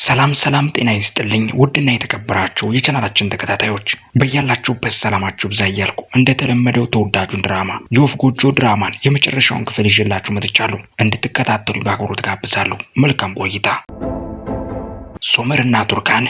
ሰላም ሰላም፣ ጤና ይስጥልኝ ውድና የተከበራችሁ የቻናላችን ተከታታዮች በያላችሁበት ሰላማችሁ ብዛ እያልኩ እንደተለመደው ተወዳጁን ድራማ የወፍ ጎጆ ድራማን የመጨረሻውን ክፍል ይዤላችሁ መጥቻለሁ። እንድትከታተሉ በአክብሮት ትጋብዛለሁ መልካም ቆይታ። ሶመርና ቱርካን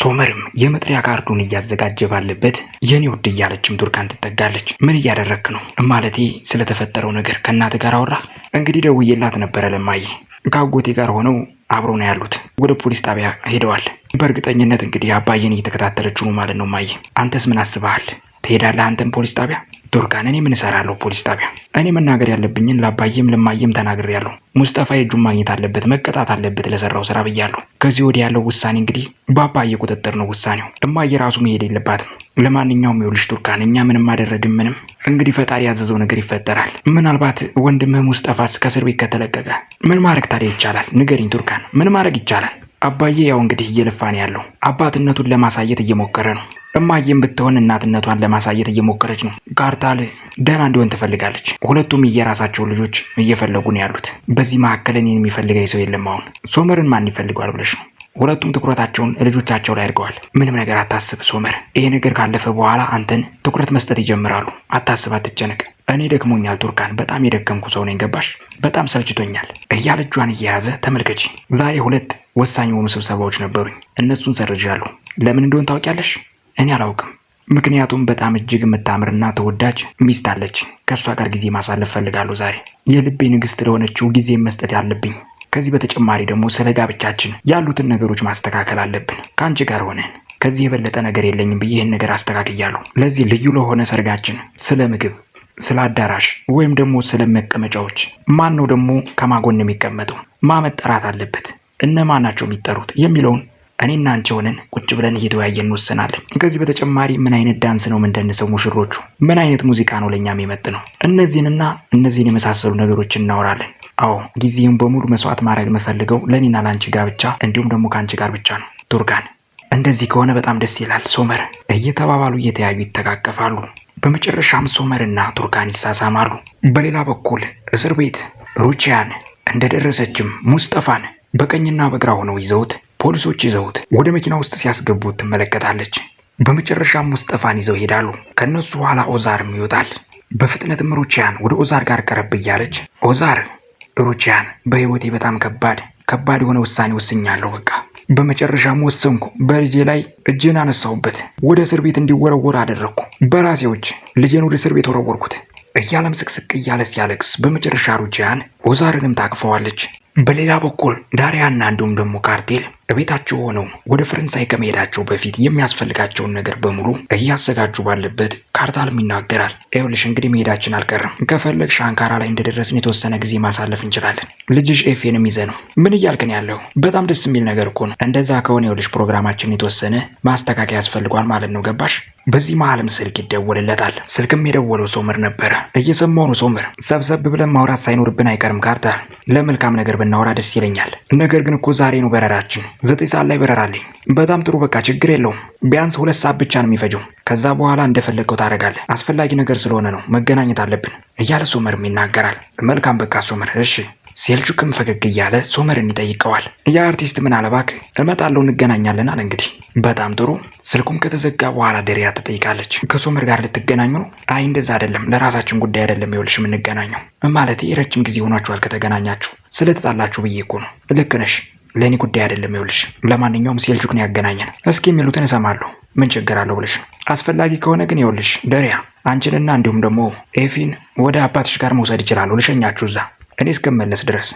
ሶመርም የመጥሪያ ካርዱን እያዘጋጀ ባለበት የኔ ውድ እያለችም ቱርካን ትጠጋለች። ምን እያደረግክ ነው? ማለቴ ስለተፈጠረው ነገር ከእናት ጋር አወራ? እንግዲህ ደውዬላት ነበረ ለማየ ከአጎቴ ጋር ሆነው አብሮ ነው ያሉት። ወደ ፖሊስ ጣቢያ ሄደዋል። በእርግጠኝነት እንግዲህ አባዬን እየተከታተለችው ነው ማለት ነው። ማየ አንተስ ምን አስበሃል? ትሄዳለህ አንተም ፖሊስ ጣቢያ? ዶርቃን እኔ ምን እሰራለሁ ፖሊስ ጣቢያ? እኔ መናገር ያለብኝን ለአባዬም ለማየም ተናግሬያለሁ። ሙስጠፋ የእጁን ማግኘት አለበት፣ መቀጣት አለበት ለሰራው ስራ ብያለሁ። ከዚህ ወዲ ያለው ውሳኔ እንግዲህ በአባዬ ቁጥጥር ነው ውሳኔው። እማዬ ራሱ መሄድ የለባትም። ለማንኛውም ይኸውልሽ ዱርካን፣ እኛ ምንም አደረግም ምንም፣ እንግዲህ ፈጣሪ ያዘዘው ነገር ይፈጠራል። ምናልባት ወንድምህ ሙስጠፋስ ከእስር ቤት ከተለቀቀ ምን ማድረግ ታዲያ ይቻላል? ንገሪኝ ቱርካን፣ ምን ማድረግ ይቻላል? አባዬ ያው እንግዲህ እየለፋ ነው ያለው። አባትነቱን ለማሳየት እየሞከረ ነው። እማዬም ብትሆን እናትነቷን ለማሳየት እየሞከረች ነው። ጋርታል ደህና እንዲሆን ትፈልጋለች። ሁለቱም የራሳቸውን ልጆች እየፈለጉ ነው ያሉት። በዚህ መካከል እኔን የሚፈልገኝ ሰው የለም። አሁን ሶመርን ማን ይፈልገዋል ብለሽ ነው? ሁለቱም ትኩረታቸውን ልጆቻቸው ላይ አድርገዋል። ምንም ነገር አታስብ ሶመር፣ ይሄ ነገር ካለፈ በኋላ አንተን ትኩረት መስጠት ይጀምራሉ። አታስብ፣ አትጨነቅ። እኔ ደክሞኛል ቱርካን፣ በጣም የደከምኩ ሰው ነኝ ገባሽ? በጣም ሰልችቶኛል እያለ እጇን እየያዘ ተመልከች፣ ዛሬ ሁለት ወሳኝ የሆኑ ስብሰባዎች ነበሩኝ። እነሱን ሰርዣለሁ። ለምን እንደሆን ታውቂያለሽ? እኔ አላውቅም። ምክንያቱም በጣም እጅግ የምታምርና ተወዳጅ ሚስት አለች። ከእሷ ጋር ጊዜ ማሳለፍ ፈልጋለሁ። ዛሬ የልቤ ንግስት ለሆነችው ጊዜ መስጠት ያለብኝ። ከዚህ በተጨማሪ ደግሞ ስለ ጋብቻችን ያሉትን ነገሮች ማስተካከል አለብን። ከአንቺ ጋር ሆነን ከዚህ የበለጠ ነገር የለኝም ብዬ ይህን ነገር አስተካክያለሁ። ለዚህ ልዩ ለሆነ ሰርጋችን ስለ ምግብ ስለ አዳራሽ ወይም ደግሞ ስለ መቀመጫዎች ማን ነው ደግሞ ከማጎን የሚቀመጠው ማመጠራት አለበት እነማ ናቸው የሚጠሩት የሚለውን እኔና አንቺ ሆነን ቁጭ ብለን እየተወያየን እንወስናለን። ከዚህ በተጨማሪ ምን አይነት ዳንስ ነው ምንደንሰው፣ ሙሽሮቹ ምን አይነት ሙዚቃ ነው ለእኛ የሚመጥ ነው፣ እነዚህንና እነዚህን የመሳሰሉ ነገሮች እናወራለን። አዎ ጊዜውን በሙሉ መስዋዕት ማድረግ የምፈልገው ለእኔና ለአንቺ ጋር ብቻ እንዲሁም ደግሞ ከአንቺ ጋር ብቻ ነው። ቱርካን፣ እንደዚህ ከሆነ በጣም ደስ ይላል። ሶመር እየተባባሉ እየተያዩ ይተቃቀፋሉ። በመጨረሻም ሶመርና ቱርካን ይሳሳማሉ። በሌላ በኩል እስር ቤት ሩቺያን እንደደረሰችም ሙስጠፋን በቀኝና በግራ ሆነው ይዘውት ፖሊሶች ይዘውት ወደ መኪና ውስጥ ሲያስገቡት ትመለከታለች። በመጨረሻም ሙስጠፋን ይዘው ይሄዳሉ። ከእነሱ ኋላ ኦዛርም ይወጣል። በፍጥነትም ሩቺያን ወደ ኦዛር ጋር ቀረብ እያለች ኦዛር ሩቺያን፣ በህይወቴ በጣም ከባድ ከባድ የሆነ ውሳኔ ወስኛለሁ በቃ በመጨረሻም ወሰንኩ። በልጄ ላይ እጄን አነሳሁበት፣ ወደ እስር ቤት እንዲወረወር አደረግኩ። በራሴዎች ልጄን ወደ እስር ቤት ወረወርኩት እያለም ስቅስቅ እያለ ሲያለቅስ በመጨረሻ ሩጂያን ኦዛርንም ታቅፈዋለች። በሌላ በኩል ዳሪያና እንዲሁም ደግሞ ካርቴል ቤታቸው ሆነው ወደ ፈረንሳይ ከመሄዳቸው በፊት የሚያስፈልጋቸውን ነገር በሙሉ እያዘጋጁ ባለበት ካርታልም ይናገራል። ኤውልሽ እንግዲህ መሄዳችን አልቀርም። ከፈለግሽ አንካራ ላይ እንደደረስን የተወሰነ ጊዜ ማሳለፍ እንችላለን። ልጅሽ ኤፌንም ይዘ ነው። ምን እያልክን ያለው በጣም ደስ የሚል ነገር እኮ ነው። እንደዛ ከሆነ ኤውልሽ ፕሮግራማችን የተወሰነ ማስተካከያ ያስፈልጓል ማለት ነው። ገባሽ? በዚህ መሀልም ስልክ ይደወልለታል። ስልክም የደወለው ሶመር ነበረ። እየሰማው ነው ሶመር፣ ሰብሰብ ብለን ማውራት ሳይኖርብን አይቀርም። ካርታል ለመልካም ነገር ብናወራ ደስ ይለኛል። ነገር ግን እኮ ዛሬ ነው በረራችን ዘጠኝ ሰዓት ላይ በረራለኝ። በጣም ጥሩ በቃ ችግር የለውም። ቢያንስ ሁለት ሰዓት ብቻ ነው የሚፈጀው። ከዛ በኋላ እንደፈለገው ታደርጋለህ። አስፈላጊ ነገር ስለሆነ ነው መገናኘት አለብን እያለ ሶመርም ይናገራል። መልካም በቃ ሶመር እሺ ሴልቹክም ፈገግ እያለ ሶመርን ይጠይቀዋል። ያ አርቲስት ምን አለባክ እመጣለሁ እንገናኛለን አለ። እንግዲህ በጣም ጥሩ። ስልኩም ከተዘጋ በኋላ ደሪያ ትጠይቃለች። ከሶመር ጋር ልትገናኙ ነው? አይ እንደዛ አይደለም፣ ለራሳችን ጉዳይ አይደለም ይኸውልሽ የምንገናኘው። ማለት ረጅም ጊዜ ሆኗችኋል ከተገናኛችሁ። ስለተጣላችሁ ብዬ እኮ ነው። ልክ ነሽ። ለእኔ ጉዳይ አይደለም። ይኸውልሽ ለማንኛውም ሴልጁክ ያገናኘን። እስኪ የሚሉትን እሰማለሁ። ምን ችግር አለው ብለሽ አስፈላጊ ከሆነ ግን ይኸውልሽ ደሪያ፣ አንቺንና እንዲሁም ደግሞ ኤፊን ወደ አባትሽ ጋር መውሰድ ይችላሉ። ልሸኛችሁ እዛ እኔ እስከመለስ ድረስ።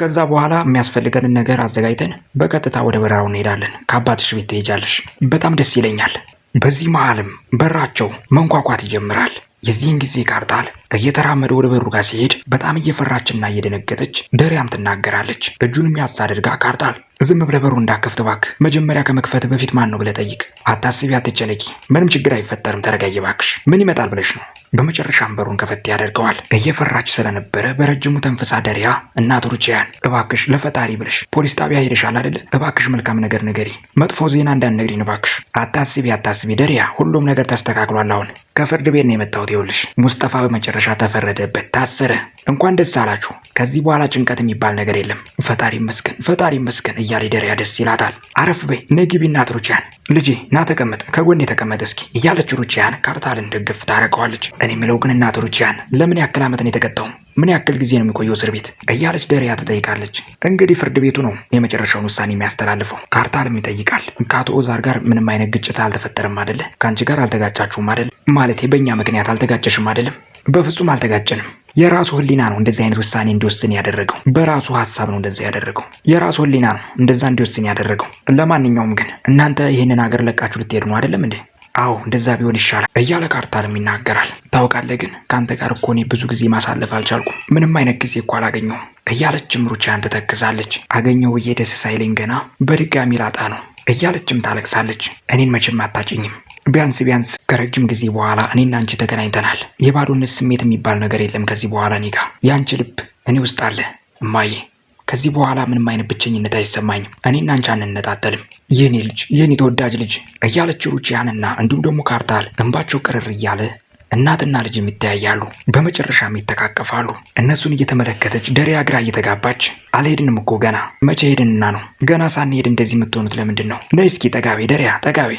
ከዛ በኋላ የሚያስፈልገንን ነገር አዘጋጅተን በቀጥታ ወደ በረራው እንሄዳለን። ከአባትሽ ቤት ትሄጃለሽ። በጣም ደስ ይለኛል። በዚህ መሃልም በራቸው መንኳኳት ይጀምራል። የዚህን ጊዜ ካርታል እየተራመደ ወደ በሩ ጋር ሲሄድ በጣም እየፈራችና እየደነገጠች ደሪያም ትናገራለች። እጁንም ያዝ አድርጋ ካርታል ዝም ብለህ በሩ እንዳከፍት እባክህ፣ መጀመሪያ ከመክፈት በፊት ማን ነው ብለህ ጠይቅ። አታስቢ፣ አትጨነቂ፣ ምንም ችግር አይፈጠርም። ተረጋጊ እባክሽ። ምን ይመጣል ብለሽ ነው? በመጨረሻም በሩን ከፈት ያደርገዋል። እየፈራች ስለነበረ በረጅሙ ተንፈሳ ደሪያ እናት ሩቺያን እባክሽ ለፈጣሪ ብለሽ ፖሊስ ጣቢያ ሄደሻል አይደለ? እባክሽ መልካም ነገር ንገሪኝ፣ መጥፎ ዜና እንዳንነግሪን እባክሽ። አታስቢ አታስቢ ደሪያ፣ ሁሉም ነገር ተስተካክሏል። አሁን ከፍርድ ቤት ነው የመጣሁት። ይኸውልሽ ሙስጠፋ በመጨረሻ ተፈረደበት፣ ታሰረ። እንኳን ደስ አላችሁ። ከዚህ በኋላ ጭንቀት የሚባል ነገር የለም። ፈጣሪ መስገን፣ ፈጣሪ መስገን እያለ ደሪያ ደስ ይላታል። አረፍ በይ ነግቢ፣ እናት ሩቺያን ልጄ፣ ና ተቀመጥ፣ ከጎኔ ተቀመጥ እስኪ እያለች ሩቺያን ካርታልን ደግፍ ታደርገዋለች። እኔ የምለው ግን እናት ሩቺያን ለምን ያክል ዓመት ነው የተቀጣው? ምን ያክል ጊዜ ነው የሚቆየው እስር ቤት እያለች ደሪያ ትጠይቃለች። እንግዲህ ፍርድ ቤቱ ነው የመጨረሻውን ውሳኔ የሚያስተላልፈው። ካርታልም ይጠይቃል። ከአቶ ኦዛር ጋር ምንም አይነት ግጭት አልተፈጠረም አደለ? ከአንቺ ጋር አልተጋጫችሁም አደለ? ማለቴ በእኛ ምክንያት አልተጋጨሽም አደለም? በፍጹም አልተጋጨንም። የራሱ ህሊና ነው እንደዚህ አይነት ውሳኔ እንዲወስን ያደረገው። በራሱ ሀሳብ ነው እንደዚህ ያደረገው። የራሱ ህሊና ነው እንደዛ እንዲወስን ያደረገው። ለማንኛውም ግን እናንተ ይህንን ሀገር ለቃችሁ ልትሄዱ ነው አደለም እንዴ? አዎ እንደዛ ቢሆን ይሻላል እያለ ካርታልም ይናገራል። ታውቃለህ ግን ከአንተ ጋር እኮ እኔ ብዙ ጊዜ ማሳለፍ አልቻልኩም። ምንም አይነት ጊዜ እኮ አላገኘሁም እያለችም ሩቺያን ትተክዛለች። አገኘው ብዬ ደስ ሳይለኝ ገና በድጋሚ ላጣ ነው እያለችም ታለቅሳለች። እኔን መቼም አታጭኝም። ቢያንስ ቢያንስ ከረጅም ጊዜ በኋላ እኔና አንቺ ተገናኝተናል። የባዶነት ስሜት የሚባል ነገር የለም ከዚህ በኋላ እኔ ጋር። የአንቺ ልብ እኔ ውስጥ አለ እማዬ ከዚህ በኋላ ምንም አይነት ብቸኝነት አይሰማኝም። እኔና አንቺ አንነጣጠልም የኔ ልጅ፣ የኔ ተወዳጅ ልጅ እያለች ሩቺያንና እንዲሁም ደግሞ ካርታል እንባቸው ቅርር እያለ እናትና ልጅም ይተያያሉ። በመጨረሻም ይተቃቀፋሉ። እነሱን እየተመለከተች ደሪያ ግራ እየተጋባች አልሄድንም እኮ ገና መቼ ሄድንና ነው ገና ሳንሄድ እንደዚህ የምትሆኑት ለምንድን ነው? ነይ እስኪ ጠጋቤ፣ ደሪያ ጠጋቤ።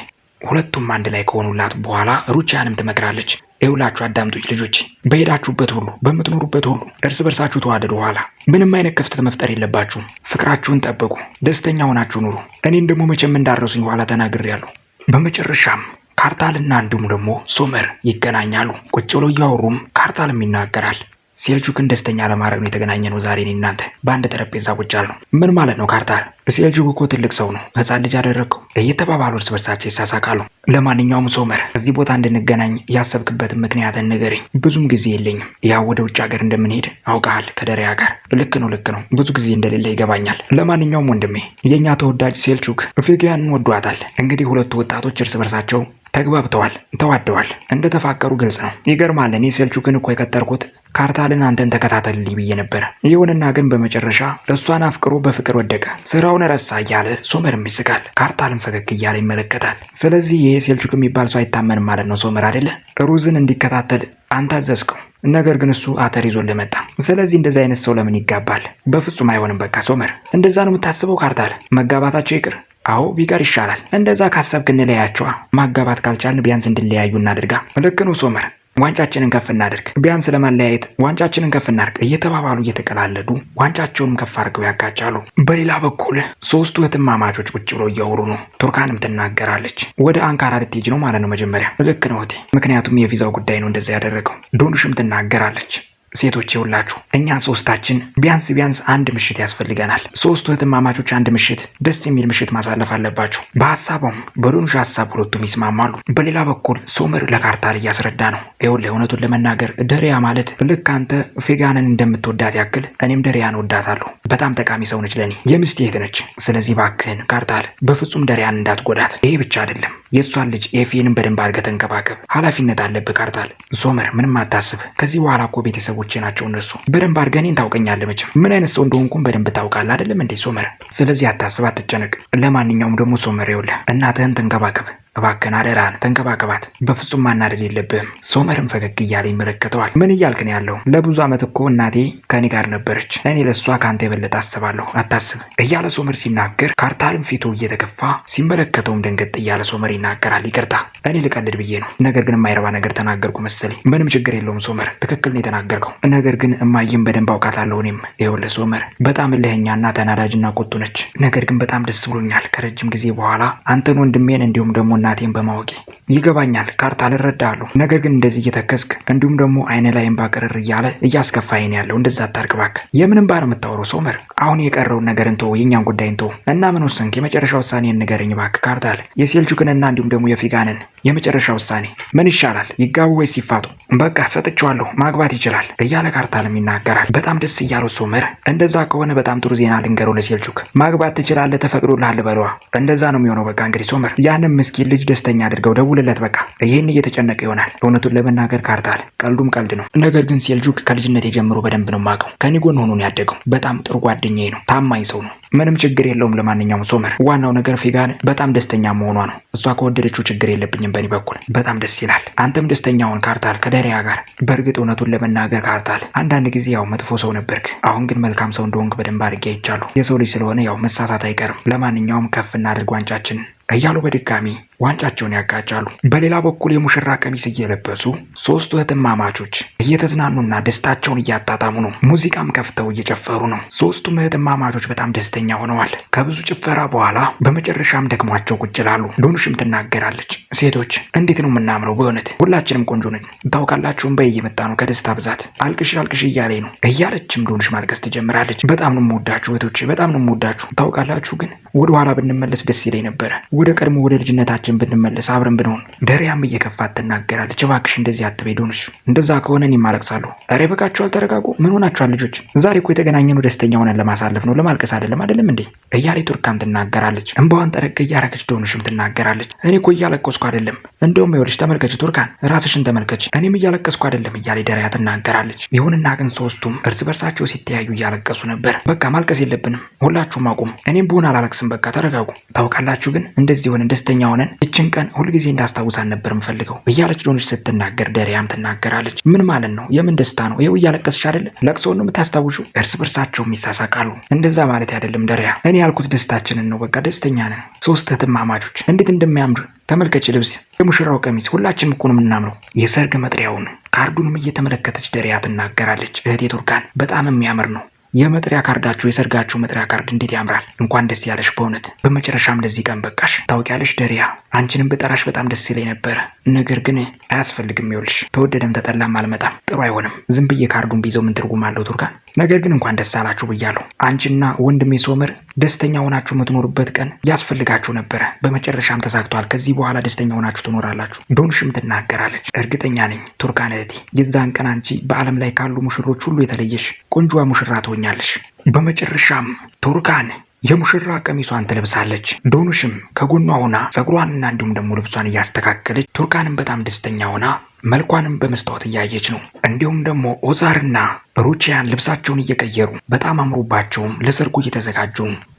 ሁለቱም አንድ ላይ ከሆኑላት በኋላ ሩቺያንም ትመክራለች። ይውላችሁ አዳምጦች ልጆች፣ በሄዳችሁበት ሁሉ በምትኖሩበት ሁሉ እርስ በርሳችሁ ተዋደዱ። ኋላ ምንም አይነት ክፍተት መፍጠር የለባችሁም። ፍቅራችሁን ጠብቁ። ደስተኛ ሆናችሁ ኑሩ። እኔን ደግሞ መቼም እንዳረሱኝ ኋላ ተናግሬያለሁ። በመጨረሻም ካርታልና እንዲሁም ደግሞ ሶመር ይገናኛሉ። ቁጭ ብለው እያወሩም ካርታልም ይናገራል። ሴልጁክን ደስተኛ ለማድረግ ነው የተገናኘ ነው ዛሬ። እኔ እናንተ በአንድ ጠረጴዛ ቁጭ ያልነው ምን ማለት ነው? ካርታል ሴልጁክ እኮ ትልቅ ሰው ነው፣ ህፃን ልጅ አደረግከው እየተባባሉ እርስ በርሳቸው ይሳሳቃሉ። ለማንኛውም ሶመር፣ እዚህ ቦታ እንድንገናኝ ያሰብክበትን ምክንያትን ንገረኝ። ብዙም ጊዜ የለኝም። ያው ወደ ውጭ ሀገር እንደምንሄድ አውቀሃል ከደሪያ ጋር። ልክ ነው፣ ልክ ነው። ብዙ ጊዜ እንደሌለ ይገባኛል። ለማንኛውም ወንድሜ፣ የእኛ ተወዳጅ ሴልቹክ ፊግያንን ወዷታል። እንግዲህ ሁለቱ ወጣቶች እርስ በርሳቸው ተግባብተዋል፣ ተዋደዋል፣ እንደተፋቀሩ ግልጽ ነው። ይገርማል። እኔ ሴልቹክን እኮ የቀጠርኩት ካርታልን አንተን ተከታተልልኝ ብዬ ነበረ። ይሁንና ግን በመጨረሻ እሷን አፍቅሮ በፍቅር ወደቀ። ስራውን ረሳ እያለ ሶመርም ይስቃል። ካርታልም ፈገግ እያለ ይመለከታል። ስለዚህ ይሄ ሴልቹክ የሚባል ሰው አይታመንም ማለት ነው ሶመር አይደለ? ሩዝን እንዲከታተል አንተ አዘዝከው። ነገር ግን እሱ አተር ይዞ ለመጣ። ስለዚህ እንደዚህ አይነት ሰው ለምን ይጋባል? በፍጹም አይሆንም። በቃ ሶመር እንደዛ ነው የምታስበው? ካርታል መጋባታቸው ይቅር አዎ ቢቀር ይሻላል። እንደዛ ካሰብክ እንለያቸዋ። ማጋባት ካልቻልን ቢያንስ እንድለያዩ እናድርጋ። ልክ ነው ሶመር፣ ዋንጫችንን ከፍ እናድርግ። ቢያንስ ለማለያየት ዋንጫችንን ከፍ እናድርግ እየተባባሉ እየተቀላለዱ ዋንጫቸውንም ከፍ አድርገው ያጋጫሉ። በሌላ በኩል ሶስቱ እህትማማቾች ቁጭ ብለው እያወሩ ነው። ቱርካንም ትናገራለች። ወደ አንካራ ልትሄጂ ነው ማለት ነው? መጀመሪያ ልክ ነው እህቴ፣ ምክንያቱም የቪዛው ጉዳይ ነው እንደዛ ያደረገው። ዶንሽም ትናገራለች። ሴቶች ይውላችሁ እኛ ሶስታችን ቢያንስ ቢያንስ አንድ ምሽት ያስፈልገናል። ሶስቱ እህትማማቾች አንድ ምሽት ደስ የሚል ምሽት ማሳለፍ አለባቸው። በሀሳቡም በዶኑሽ ሀሳብ ሁለቱም ይስማማሉ። በሌላ በኩል ሶመር ለካርታል እያስረዳ ነው። ይኸውልህ እውነቱን ለመናገር ደሪያ ማለት ልክ አንተ ፌጋንን እንደምትወዳት ያክል እኔም ደሪያን ወዳታለሁ። በጣም ጠቃሚ ሰው ነች ለእኔ፣ እህት ነች። ስለዚህ ባክህን ካርታል በፍጹም ደሪያን እንዳትጎዳት። ይሄ ብቻ አይደለም የእሷን ልጅ ኤፌንም በደንብ አድርገህ ተንከባከብ፣ ኃላፊነት አለብህ ካርታል። ሶመር ምንም አታስብ፣ ከዚህ በኋላ እኮ ቤተሰቦቼ ናቸው እነሱ። በደንብ አድርገህ እኔን ታውቀኛለህ፣ መቼም ምን አይነት ሰው እንደሆንኩም በደንብ ታውቃለህ አይደለም እንዴ ሶመር? ስለዚህ አታስብ፣ አትጨነቅ። ለማንኛውም ደግሞ ሶመር ይኸውልህ እናትህን ተንከባከብ፣ እባክህን አደራን ተንከባከባት፣ በፍጹም ማናደድ የለብህም። ሶመርም ፈገግ እያለ ይመለከተዋል። ምን እያልክን ያለው? ለብዙ ዓመት እኮ እናቴ ከኔ ጋር ነበረች። እኔ ለእሷ ከአንተ የበለጠ አስባለሁ፣ አታስብ እያለ ሶመር ሲናገር፣ ካርታልም ፊቱ እየተገፋ ሲመለከተውም ደንገጥ እያለ ሶመር ይናገራል። ይቅርታ እኔ ልቀልድ ብዬ ነው፣ ነገር ግን የማይረባ ነገር ተናገርኩ መሰለኝ። ምንም ችግር የለውም ሶመር፣ ትክክል ነው የተናገርከው። ነገር ግን እማዬም በደንብ አውቃታለሁ። እኔም ይኸውልህ ሶመር በጣም እልህኛና ተናዳጅና ቁጡ ነች። ነገር ግን በጣም ደስ ብሎኛል ከረጅም ጊዜ በኋላ አንተን ወንድሜን እንዲሁም ደግሞ እናቴን በማወቄ ይገባኛል። ካርታ አልረዳለሁ። ነገር ግን እንደዚህ እየተከዝክ እንዲሁም ደግሞ አይነ ላይ እምባ እያለ እያስከፋኝ ነው ያለው። እንደዛ አታርግ እባክህ። የምንም ባር ነው ሶመር? አሁን የቀረውን ነገር እንቶ የእኛን ጉዳይ እንቶ እና ምን ወሰንክ? የመጨረሻ ውሳኔን ንገረኝ እባክህ ካርታል። የሴልጁክንና እንዲሁም ደግሞ የፊጋንን የመጨረሻ ውሳኔ ምን ይሻላል? ይጋቡ ወይስ ይፋቱ? በቃ ሰጥቼዋለሁ፣ ማግባት ይችላል እያለ ካርታልም ይናገራል። በጣም ደስ እያለው ሶመር፣ እንደዛ ከሆነ በጣም ጥሩ ዜና ልንገረው ለሴልጁክ። ማግባት ትችላለህ፣ ተፈቅዶልሃል በለዋ። እንደዛ ነው የሚሆነው። በቃ እንግዲህ ሶመር ያንም ምስኪን ልጅ ደስተኛ አድርገው ደውልለት። በቃ ይህን እየተጨነቀ ይሆናል። እውነቱን ለመናገር ካርታል ቀልዱም ቀልድ ነው። ነገር ግን ሴልጁክ ከልጅነት የጀምሮ በደንብ ነው የማውቀው። ከኔ ጎን ሆኖ ነው ያደገው። በጣም ጥሩ ጓደኛዬ ነው። ታማኝ ሰው ነው። ምንም ችግር የለውም። ለማንኛውም ሶመር፣ ዋናው ነገር ፊጋን በጣም ደስተኛ መሆኗ ነው። እሷ ከወደደችው ችግር የለብኝም በእኔ በኩል። በጣም ደስ ይላል። አንተም ደስተኛውን ካርታል ከደሪያ ጋር። በእርግጥ እውነቱን ለመናገር ካርታል አንዳንድ ጊዜ ያው መጥፎ ሰው ነበርክ። አሁን ግን መልካም ሰው እንደሆንክ በደንብ አድርጌ አይቻሉ። የሰው ልጅ ስለሆነ ያው መሳሳት አይቀርም። ለማንኛውም ከፍ እናድርግ ዋንጫችንን እያሉ በድጋሚ ዋንጫቸውን ያጋጫሉ። በሌላ በኩል የሙሽራ ቀሚስ እየለበሱ ሶስቱ እህትማማቾች እየተዝናኑና ደስታቸውን እያጣጣሙ ነው። ሙዚቃም ከፍተው እየጨፈሩ ነው። ሶስቱም እህትማማቾች በጣም ደስተኛ ሆነዋል። ከብዙ ጭፈራ በኋላ በመጨረሻም ደክሟቸው ቁጭ ይላሉ። ዶኑሽም ትናገራለች። ሴቶች እንዴት ነው የምናምረው! በእውነት ሁላችንም ቆንጆ ነኝ ታውቃላችሁም በይ እየመጣ ነው ከደስታ ብዛት። አልቅሽ አልቅሽ እያለኝ ነው እያለችም ዶኑሽ ማልቀስ ትጀምራለች። በጣም ነው የምወዳችሁ እህቶቼ፣ በጣም ነው የምወዳችሁ። ታውቃላችሁ ግን ወደኋላ ብንመለስ ደስ ይለኝ ነበረ ወደ ቀድሞ ወደ ልጅነታችን ብንመለስ አብረን ብንሆን። ደሪያም እየከፋት ትናገራለች። እባክሽ እንደዚህ አትበይ ዶንሽ፣ እንደዛ ከሆነ እኔም አለቅሳለሁ። ኧረ በቃችኋል፣ ተረጋጉ። ምን ሆናችኋል ልጆች? ዛሬ እኮ የተገናኘነው ደስተኛ ሆነን ለማሳለፍ ነው፣ ለማልቀስ አይደለም። አይደለም እንዴ? እያሌ ቱርካን ትናገራለች። እንባዋን ጠረቅ እያረገች ዶንሽም ትናገራለች። እኔ እኮ እያለቀስኩ አይደለም፣ እንደውም ይኸውልሽ ተመልከች ቱርካን፣ ራስሽን ተመልከች። እኔም እያለቀስኩ አይደለም እያሌ ደሪያ ትናገራለች። ይሁንና ግን ሶስቱም እርስ በርሳቸው ሲተያዩ እያለቀሱ ነበር። በቃ ማልቀስ የለብንም፣ ሁላችሁም አቁም እኔም ብሆን አላለቅስም። በቃ ተረጋጉ። ታውቃላችሁ ግን እንደዚህ ሆነን ደስተኛ ሆነን እችን ቀን ሁልጊዜ እንዳስታውሳን ነበር የምፈልገው እያለች ዶንሽ ስትናገር ደሪያም ትናገራለች። ምን ማለት ነው? የምን ደስታ ነው? ይኸው እያለቀስሽ አይደለ? ለቅሶን ነው የምታስታውሹ? እርስ በርሳቸውም ይሳሳቃሉ። እንደዛ ማለት አይደለም ደሪያ፣ እኔ ያልኩት ደስታችንን ነው። በቃ ደስተኛ ነን። ሶስት እህትማማቾች እንዴት እንደሚያምር ተመልከች። ልብስ፣ የሙሽራው ቀሚስ፣ ሁላችንም እኮ ነው የምናምረው። የሰርግ መጥሪያውን ካርዱንም እየተመለከተች ደሪያ ትናገራለች። እህቴ ቱርካን በጣም የሚያምር ነው የመጥሪያ ካርዳችሁ የሰርጋችሁ መጥሪያ ካርድ እንዴት ያምራል! እንኳን ደስ ያለሽ በእውነት በመጨረሻም ለዚህ ቀን በቃሽ። ታውቂያለሽ ደሪያ፣ አንቺንም በጠራሽ በጣም ደስ ይለኝ ነበረ። ነገር ግን አያስፈልግም። ይኸውልሽ ተወደደም ተጠላም አልመጣም፣ ጥሩ አይሆንም። ዝም ብዬ ካርዱን ቢይዘው ምን ትርጉም አለው ቱርካን? ነገር ግን እንኳን ደስ አላችሁ ብያለሁ። አንቺና ወንድሜ ሶመር ደስተኛ ሆናችሁ የምትኖሩበት ቀን ያስፈልጋችሁ ነበረ። በመጨረሻም ተሳክቷል። ከዚህ በኋላ ደስተኛ ሆናችሁ ትኖራላችሁ። ዶንሽም ትናገራለች። እርግጠኛ ነኝ ቱርካን እህቴ፣ የዛን ቀን አንቺ በዓለም ላይ ካሉ ሙሽሮች ሁሉ የተለየሽ ቆንጆዋ ሙሽራ ትሆኛለሽ። በመጨረሻም ቱርካን የሙሽራ ቀሚሷን ትለብሳለች። ዶኑሽም ከጎኗ ሆና ጸጉሯንና እንዲሁም ደግሞ ልብሷን እያስተካከለች ቱርካንም በጣም ደስተኛ ሆና መልኳንም በመስታወት እያየች ነው። እንዲሁም ደግሞ ኦዛርና ሩቺያን ልብሳቸውን እየቀየሩ በጣም አምሮባቸውም ለሰርጉ እየተዘጋጁ፣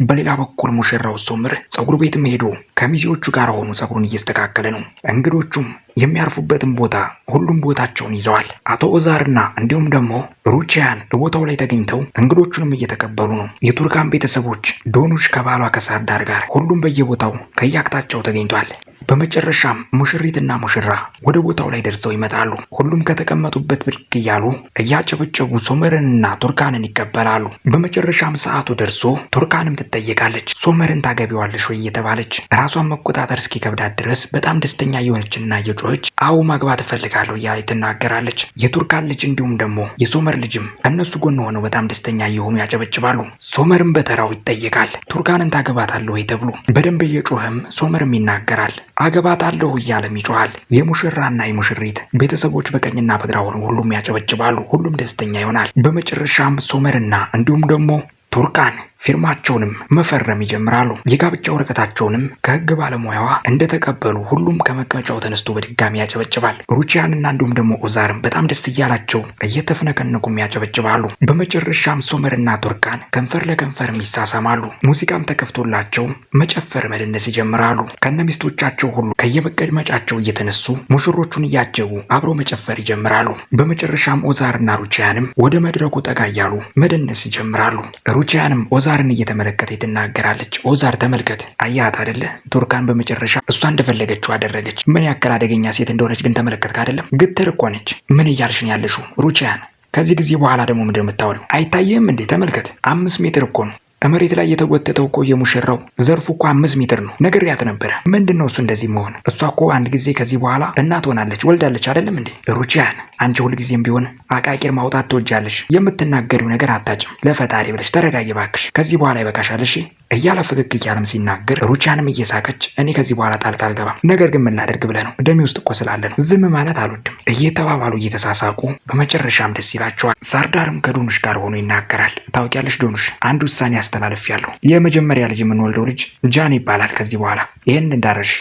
በሌላ በኩል ሙሽራው ሶምር ጸጉር ቤትም ሄዶ ከሚዜዎቹ ጋር ሆኑ ጸጉሩን እየስተካከለ ነው። እንግዶቹም የሚያርፉበትን ቦታ ሁሉም ቦታቸውን ይዘዋል። አቶ ኦዛርና እንዲሁም ደግሞ ሩቺያን በቦታው ላይ ተገኝተው እንግዶቹንም እየተቀበሉ ነው። የቱርካን ቤተሰቦች ዶኑሽ ከባሏ ከሳርዳር ጋር ሁሉም በየቦታው ከየአቅጣጫው ተገኝቷል። በመጨረሻም ሙሽሪትና ሙሽራ ወደ ቦታው ላይ ደርሰው ይመጣሉ። ሁሉም ከተቀመጡበት ብድግ እያሉ እያጨበጨቡ ሶመርንና ቱርካንን ይቀበላሉ። በመጨረሻም ሰዓቱ ደርሶ ቱርካንም ትጠየቃለች። ሶመርን ታገቢዋለሽ ወይ እየተባለች ራሷን መቆጣጠር እስኪከብዳት ድረስ በጣም ደስተኛ እየሆነችና እየጮኸች አዎ ማግባት እፈልጋለሁ እያ ትናገራለች። የቱርካን ልጅ እንዲሁም ደግሞ የሶመር ልጅም ከእነሱ ጎን ሆነው በጣም ደስተኛ እየሆኑ ያጨበጭባሉ። ሶመርም በተራው ይጠየቃል። ቱርካንን ታገባታለሁ ወይ ተብሎ በደንብ እየጮኸም ሶመርም ይናገራል። አገባታለሁ እያለም ይጮኋል። የሙሽራና የሙሽሪት ቤተሰቦች በቀኝና በግራ ሆነው ሁሉም ያጨበጭባሉ። ሁሉም ደስተኛ ይሆናል። በመጨረሻም ሶመርና እንዲሁም ደግሞ ቱርካን ፊርማቸውንም መፈረም ይጀምራሉ። የጋብቻ ወረቀታቸውንም ከህግ ባለሙያዋ እንደተቀበሉ ሁሉም ከመቀመጫው ተነስቶ በድጋሚ ያጨበጭባል። ሩቺያንና እንዲሁም ደግሞ ኦዛርም በጣም ደስ እያላቸው እየተፍነከነቁም ያጨበጭባሉ። በመጨረሻም ሶመርና ቱርካን ከንፈር ለከንፈርም ይሳሳማሉ። ሙዚቃም ተከፍቶላቸው መጨፈር መደነስ ይጀምራሉ። ከነ ሚስቶቻቸው ሁሉ ከየመቀመጫቸው እየተነሱ ሙሽሮቹን እያጀቡ አብረው መጨፈር ይጀምራሉ። በመጨረሻም ኦዛርና ሩቺያንም ወደ መድረኩ ጠጋ እያሉ መደነስ ይጀምራሉ። ሩቺያንም ኦዛር ኦዛርን እየተመለከተ ትናገራለች። ኦዛር ተመልከት፣ አያት አይደለ? ቱርካን በመጨረሻ እሷ እንደፈለገችው አደረገች። ምን ያክል አደገኛ ሴት እንደሆነች ግን ተመለከትክ አይደለም? ግትር እኮ ነች። ምን እያልሽን ያለሽው ሩቺያን? ከዚህ ጊዜ በኋላ ደግሞ ምንድን የምታወሪው አይታየህም እንዴ? ተመልከት፣ አምስት ሜትር እኮ ነው። መሬት ላይ የተጎተተው እኮ የሙሽራው ዘርፉ እኮ አምስት ሜትር ነው። ነግሬያት ነበረ። ምንድን ነው እሱ እንደዚህ መሆን? እሷ እኮ አንድ ጊዜ ከዚህ በኋላ እናት ሆናለች፣ ወልዳለች። አይደለም እንዴ ሩቺያን? አንቺ ሁልጊዜም ቢሆን አቃቂር ማውጣት ትወጃለሽ። የምትናገሪው ነገር አታጭም። ለፈጣሪ ብለሽ ተረጋጊ እባክሽ። ከዚህ በኋላ ይበቃሻል እሺ። እያለ ፈገግ እያለም ሲናገር ሩቻንም እየሳቀች እኔ ከዚህ በኋላ ጣልቃ አልገባም፣ ነገር ግን የምናደርግ ብለህ ነው ደሜ ውስጥ እኮ ስላለ ነው ዝም ማለት አልወድም እየተባባሉ እየተሳሳቁ በመጨረሻም ደስ ይላቸዋል። ሳርዳርም ከዶኑሽ ጋር ሆኖ ይናገራል። ታውቂያለሽ ዶኑሽ፣ አንድ ውሳኔ አስተላልፍ ያለሁ የመጀመሪያ ልጅ የምንወልደው ልጅ ጃን ይባላል። ከዚህ በኋላ ይህን እንዳረሽ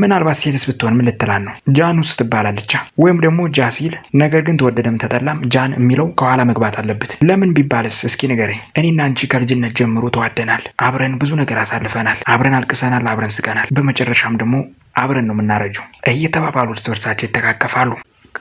ምናልባት ሴትስ ብትሆን ምን ልትላን ነው? ጃኑስ ትባላለቻ ወይም ደግሞ ጃ ሲል ነገር ግን ተወደደም ተጠላም ጃን የሚለው ከኋላ መግባት አለበት። ለምን ቢባልስ እስኪ ንገረኝ። እኔና አንቺ ከልጅነት ጀምሮ ተዋደናል። አብረን ብዙ ነገር አሳልፈናል። አብረን አልቅሰናል፣ አብረን ስቀናል። በመጨረሻም ደግሞ አብረን ነው የምናረጀው እየተባባሉ እርስ በርሳቸው ይተካከፋሉ።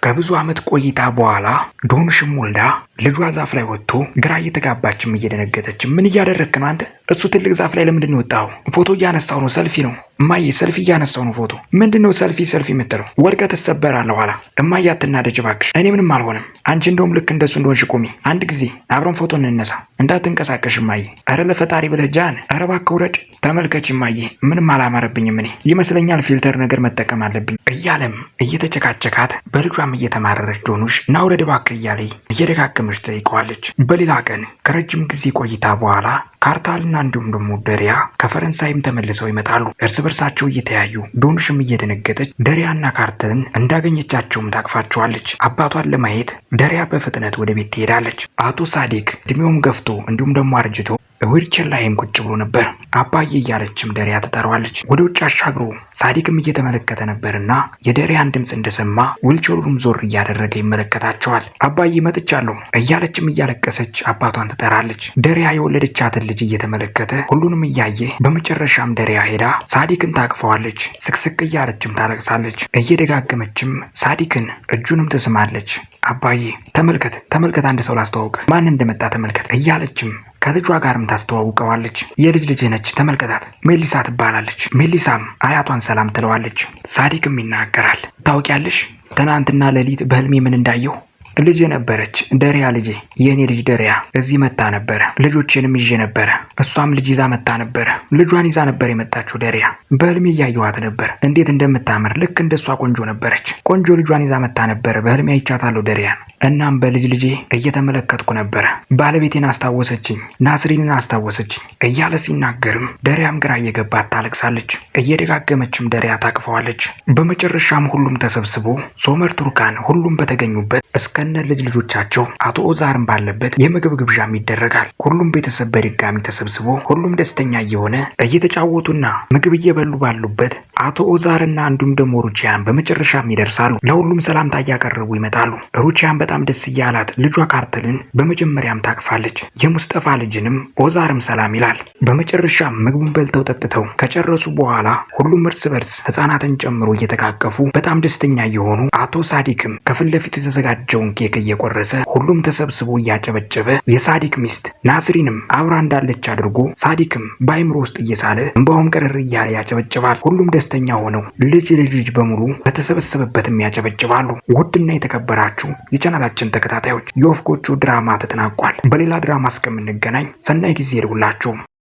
ከብዙ ዓመት ቆይታ በኋላ ዶንሽም ወልዳ ልጇ ዛፍ ላይ ወጥቶ ግራ እየተጋባችም እየደነገጠችም ምን እያደረግክ ነው አንተ? እሱ ትልቅ ዛፍ ላይ ለምንድን ነው የወጣኸው? ፎቶ እያነሳው ነው፣ ሰልፊ ነው እማዬ ሰልፊ እያነሳው ነው ፎቶ። ምንድን ነው ሰልፊ ሰልፊ የምትለው? ወድቀህ ትሰበራለህ ኋላ። እማዬ አትናደጅ እባክሽ፣ እኔ ምንም አልሆንም። አንቺ እንደውም ልክ እንደሱ እንደሆንሽ ቁሚ። አንድ ጊዜ አብረን ፎቶ እንነሳ። እንዳትንቀሳቀሽ እማዬ። ኧረ ለፈጣሪ ብለህ ጃን፣ ኧረ እባክህ ውረድ። ተመልከች እማዬ፣ ምንም አላማረብኝም። እኔ ይመስለኛል ፊልተር ነገር መጠቀም አለብኝ እያለም እየተጨቃጨቃት በልጇም እየተማረረች ዶኑሽ ናውረድ እባክህ እያለኝ እየደጋገመች ጠይቀዋለች። በሌላ ቀን ከረጅም ጊዜ ቆይታ በኋላ ካርታልና እንዲሁም ደግሞ ደሪያ ከፈረንሳይም ተመልሰው ይመጣሉ። እርስ በርሳቸው እየተያዩ ዶንሽም እየደነገጠች ደሪያና ካርተልን እንዳገኘቻቸውም ታቅፋቸዋለች። አባቷን ለማየት ደሪያ በፍጥነት ወደ ቤት ትሄዳለች። አቶ ሳዲክ እድሜውም ገፍቶ እንዲሁም ደግሞ አርጅቶ በዊልቸር ላይም ቁጭ ብሎ ነበር። አባዬ እያለችም ደሪያ ትጠራዋለች። ወደ ውጭ አሻግሮ ሳዲቅም እየተመለከተ ነበርና የደሪያን ድምፅ እንደሰማ ዊልቸሩም ዞር እያደረገ ይመለከታቸዋል። አባዬ መጥቻለሁ እያለችም እያለቀሰች አባቷን ትጠራለች። ደሪያ የወለደቻትን ልጅ እየተመለከተ ሁሉንም እያየ በመጨረሻም ደሪያ ሄዳ ሳዲቅን ታቅፈዋለች። ስቅስቅ እያለችም ታለቅሳለች። እየደጋገመችም ሳዲቅን እጁንም ትስማለች። አባዬ ተመልከት ተመልከት፣ አንድ ሰው ላስተዋውቅ፣ ማን እንደመጣ ተመልከት እያለችም ከልጇ ጋርም ታስተዋውቀዋለች። የልጅ ልጅ ነች፣ ተመልከታት፣ ሜሊሳ ትባላለች። ሜሊሳም አያቷን ሰላም ትለዋለች። ሳዲቅም ይናገራል። ታውቂያለሽ ትናንትና ሌሊት በህልሜ ምን እንዳየሁ ልጅ ነበረች ደሪያ፣ ልጄ የእኔ ልጅ ደሪያ እዚህ መታ ነበረ። ልጆቼንም ይዤ ነበረ። እሷም ልጅ ይዛ መታ ነበረ። ልጇን ይዛ ነበር የመጣችው ደሪያ። በህልሜ እያየኋት ነበር፣ እንዴት እንደምታምር ልክ እንደሷ ቆንጆ ነበረች። ቆንጆ ልጇን ይዛ መታ ነበረ። በህልሜ አይቻታለሁ ደሪያን። እናም በልጅ ልጄ እየተመለከትኩ ነበረ። ባለቤቴን አስታወሰችኝ፣ ናስሪንን አስታወሰችኝ እያለ ሲናገርም ደሪያም ግራ እየገባት ታለቅሳለች። እየደጋገመችም ደሪያ ታቅፈዋለች። በመጨረሻም ሁሉም ተሰብስቦ ሶመር ቱርካን ሁሉም በተገኙበት እስከ ከነ ልጅ ልጆቻቸው አቶ ኦዛርን ባለበት የምግብ ግብዣም ይደረጋል። ሁሉም ቤተሰብ በድጋሚ ተሰብስቦ ሁሉም ደስተኛ እየሆነ እየተጫወቱና ምግብ እየበሉ ባሉበት አቶ ኦዛርና እንዲሁም ደግሞ ሩቺያን በመጨረሻም ይደርሳሉ። ለሁሉም ሰላምታ እያቀረቡ ይመጣሉ። ሩቺያን በጣም ደስ እያላት ልጇ ካርተልን በመጀመሪያም ታቅፋለች። የሙስጠፋ ልጅንም ኦዛርም ሰላም ይላል። በመጨረሻም ምግቡን በልተው ጠጥተው ከጨረሱ በኋላ ሁሉም እርስ በርስ ህጻናትን ጨምሮ እየተቃቀፉ በጣም ደስተኛ እየሆኑ አቶ ሳዲክም ከፊት ለፊቱ የተዘጋጀውን የሆነውን ኬክ እየቆረሰ ሁሉም ተሰብስቦ እያጨበጨበ የሳዲክ ሚስት ናስሪንም አብራ እንዳለች አድርጎ ሳዲክም በአይምሮ ውስጥ እየሳለ እንባውም ቀረር እያለ ያጨበጭባል። ሁሉም ደስተኛ ሆነው ልጅ ልጅ ልጅ በሙሉ በተሰበሰበበትም ያጨበጭባሉ። ውድና የተከበራችሁ የቻናላችን ተከታታዮች የወፍ ጎጆ ድራማ ተጠናቋል። በሌላ ድራማ እስከምንገናኝ ሰናይ ጊዜ ይሁንላችሁ።